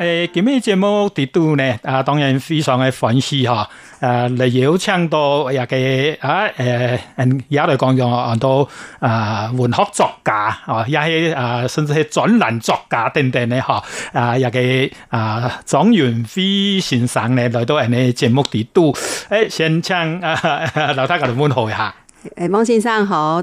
誒，今日節目地都呢？啊，當然非常嘅歡喜哈！誒、啊，嚟邀請到又嘅啊，誒、呃，也嚟講咗到啊，文學作家啊，一些啊，甚至係專欄作家等等呢，嗬！啊，又嘅啊，莊元飛先生呢，來到人哋節目地都，誒，先請啊，劉太格度問候一下。誒、欸，汪先生好。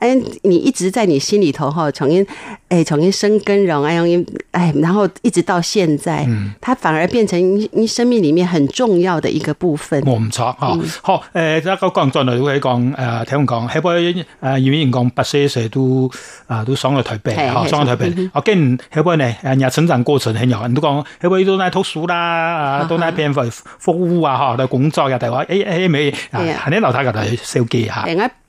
哎，你一直在你心裏頭哈，重新哎，重新生根榮，哎，重新哎，然後一直到現在，嗯，它反而變成你你生命裏面很重要的一個部分。冇錯哈，好，誒，一個剛才如果講，誒，聽講，後背，誒，移民工八歲歲都啊都上咗台北，上咗台北，我見後背呢，誒，人成長過程很有，人都講，後背都讀書啦，啊，都，啊哈 都服務啊，哈，工作誒誒，啊、欸，欸沒